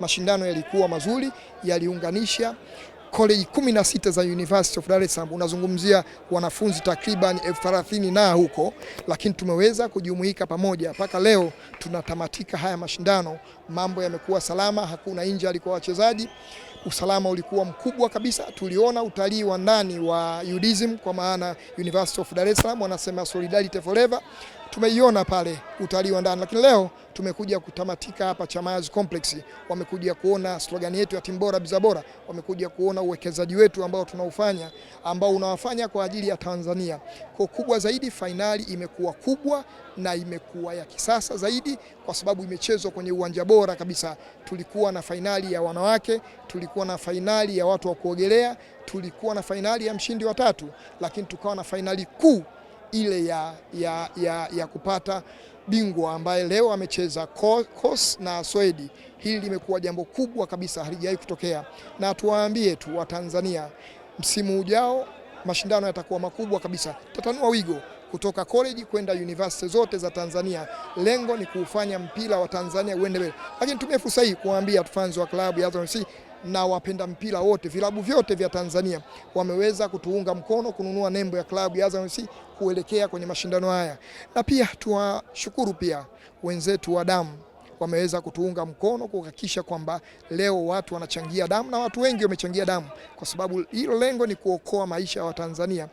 Mashindano yalikuwa mazuri, yaliunganisha koleji kumi na sita za University of Dar es Salaam. Unazungumzia wanafunzi takriban elfu thelathini na huko, lakini tumeweza kujumuika pamoja mpaka leo tunatamatika haya mashindano. Mambo yamekuwa salama, hakuna injury kwa wachezaji, usalama ulikuwa mkubwa kabisa. Tuliona utalii wa ndani wa UDSM kwa maana University of Dar es Salaam wanasema solidarity forever, tumeiona pale utalii wa ndani, lakini leo tumekuja kutamatika hapa Chamazi Complex, wamekuja kuona slogani yetu ya timu bora bidhaa bora, wamekuja kuona uwekezaji wetu ambao tunaufanya ambao unawafanya kwa ajili ya Tanzania. Kwa kubwa zaidi, fainali imekuwa kubwa na imekuwa ya kisasa zaidi kwa sababu imechezwa kwenye uwanja bora kabisa. Tulikuwa na fainali ya wanawake, tulikuwa na fainali ya watu wa kuogelea, tulikuwa na fainali ya mshindi wa tatu, lakini tukawa na fainali kuu ile ya, ya, ya, ya kupata bingwa ambaye leo amecheza Kos na Swedi. Hili limekuwa jambo kubwa kabisa, halijawahi kutokea, na tuwaambie tu Watanzania, msimu ujao mashindano yatakuwa makubwa kabisa, tatanua wigo kutoka college kwenda university zote za Tanzania. Lengo ni kuufanya mpira wa Tanzania uende mbele, lakini tumie fursa hii kuwaambia fans wa klabu ya Azam FC na wapenda mpira wote, vilabu vyote vya Tanzania wameweza kutuunga mkono kununua nembo ya klabu ya Azam FC kuelekea kwenye mashindano haya, na pia tuwashukuru pia wenzetu wa damu wameweza kutuunga mkono kuhakikisha kwamba leo watu wanachangia damu na watu wengi wamechangia damu, kwa sababu hilo lengo ni kuokoa maisha ya Watanzania.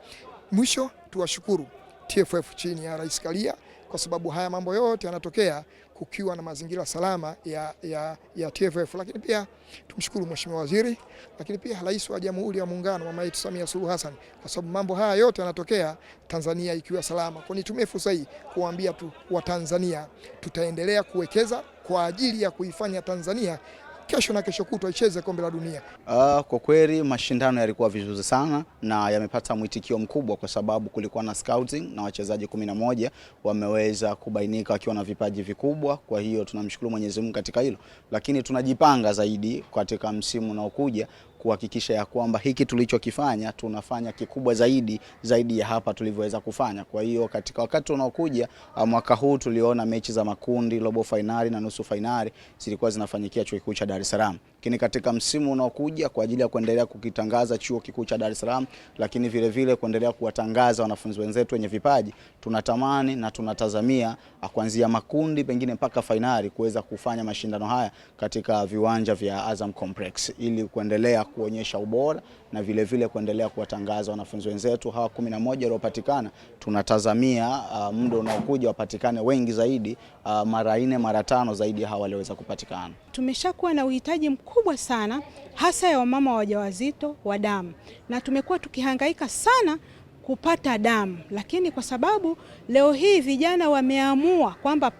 Mwisho tuwashukuru TFF chini ya Rais Karia kwa sababu haya mambo yote yanatokea kukiwa na mazingira salama ya, ya, ya TFF. Lakini pia tumshukuru Mheshimiwa Waziri, lakini pia Rais wa Jamhuri ya Muungano mama yetu Samia Suluhu Hassan, kwa sababu mambo haya yote yanatokea Tanzania ikiwa salama. Kwa nitumie fursa hii kuwaambia tu Watanzania, tutaendelea kuwekeza kwa ajili ya kuifanya Tanzania kesho na kesho kutwa icheze kombe la dunia. Uh, kwa kweli mashindano yalikuwa vizuri sana na yamepata mwitikio mkubwa kwa sababu kulikuwa na scouting na wachezaji kumi na moja wameweza kubainika wakiwa na vipaji vikubwa. Kwa hiyo tunamshukuru Mwenyezi Mungu katika hilo, lakini tunajipanga zaidi katika msimu unaokuja kuhakikisha ya kwamba hiki tulichokifanya tunafanya kikubwa zaidi zaidi ya hapa tulivyoweza kufanya. Kwa hiyo katika wakati unaokuja uh, mwaka huu tuliona mechi za makundi, robo fainali na nusu fainali zilikuwa zinafanyikia chuo kikuu cha Dar es Salaam lakini katika msimu unaokuja kwa ajili ya kuendelea kukitangaza chuo kikuu cha Dar es Salaam, lakini vile vile kuendelea kuwatangaza wanafunzi wenzetu wenye vipaji. Tunatamani na tunatazamia kuanzia makundi pengine mpaka fainali kuweza kufanya mashindano haya katika viwanja vya Azam Complex ili kuendelea kuonyesha ubora na vile vile kuendelea kuwatangaza wanafunzi wenzetu hawa kumi na moja waliopatikana. Tunatazamia uh, muda unaokuja wapatikane wengi zaidi, uh, mara nne mara tano zaidi hawa walioweza kupatikana. Tumeshakuwa na uhitaji mkubwa sana hasa ya wamama wajawazito wa damu, na tumekuwa tukihangaika sana kupata damu, lakini kwa sababu leo hii vijana wameamua kwamba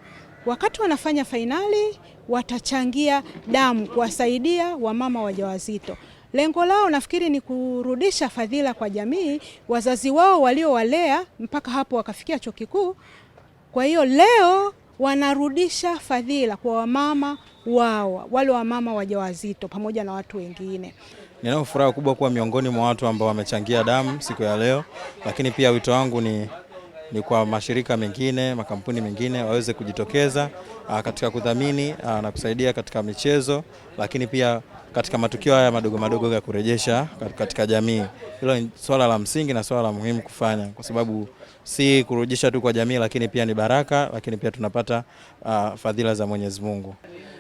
wakati wanafanya fainali watachangia damu kuwasaidia wamama wajawazito. Lengo lao nafikiri ni kurudisha fadhila kwa jamii, wazazi wao waliowalea mpaka hapo wakafikia chuo kikuu. Kwa hiyo leo wanarudisha fadhila kwa wamama wao, wale wamama wajawazito pamoja na watu wengine. Ninao furaha kubwa kuwa miongoni mwa watu ambao wamechangia damu siku ya leo, lakini pia wito wangu ni ni kwa mashirika mengine, makampuni mengine waweze kujitokeza ah, katika kudhamini ah, na kusaidia katika michezo, lakini pia katika matukio haya madogo madogo ya kurejesha katika jamii. Hilo ni swala la msingi na swala la muhimu kufanya, kwa sababu si kurejesha tu kwa jamii, lakini pia ni baraka, lakini pia tunapata uh, fadhila za Mwenyezi Mungu.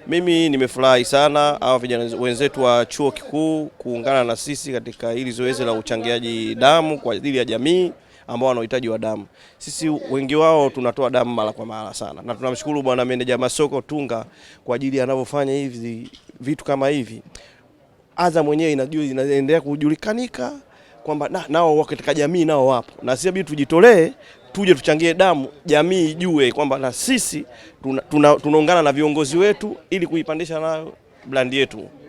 Mimi nimefurahi sana hawa vijana wenzetu wa chuo kikuu kuungana na sisi katika hili zoezi la uchangiaji damu kwa ajili ya jamii ambao wanahitaji wa damu. Sisi wengi wao tunatoa damu mara kwa mara sana, na tunamshukuru bwana meneja masoko Tunga kwa ajili anavyofanya hivi vitu kama hivi. Azam mwenyewe inajua inaendelea kujulikanika kwamba na, nao wako katika jamii nao wapo, na sisi bidi tujitolee tuje tuchangie damu, jamii ijue kwamba na sisi tunaungana tuna, tuna na viongozi wetu ili kuipandisha nayo brandi yetu.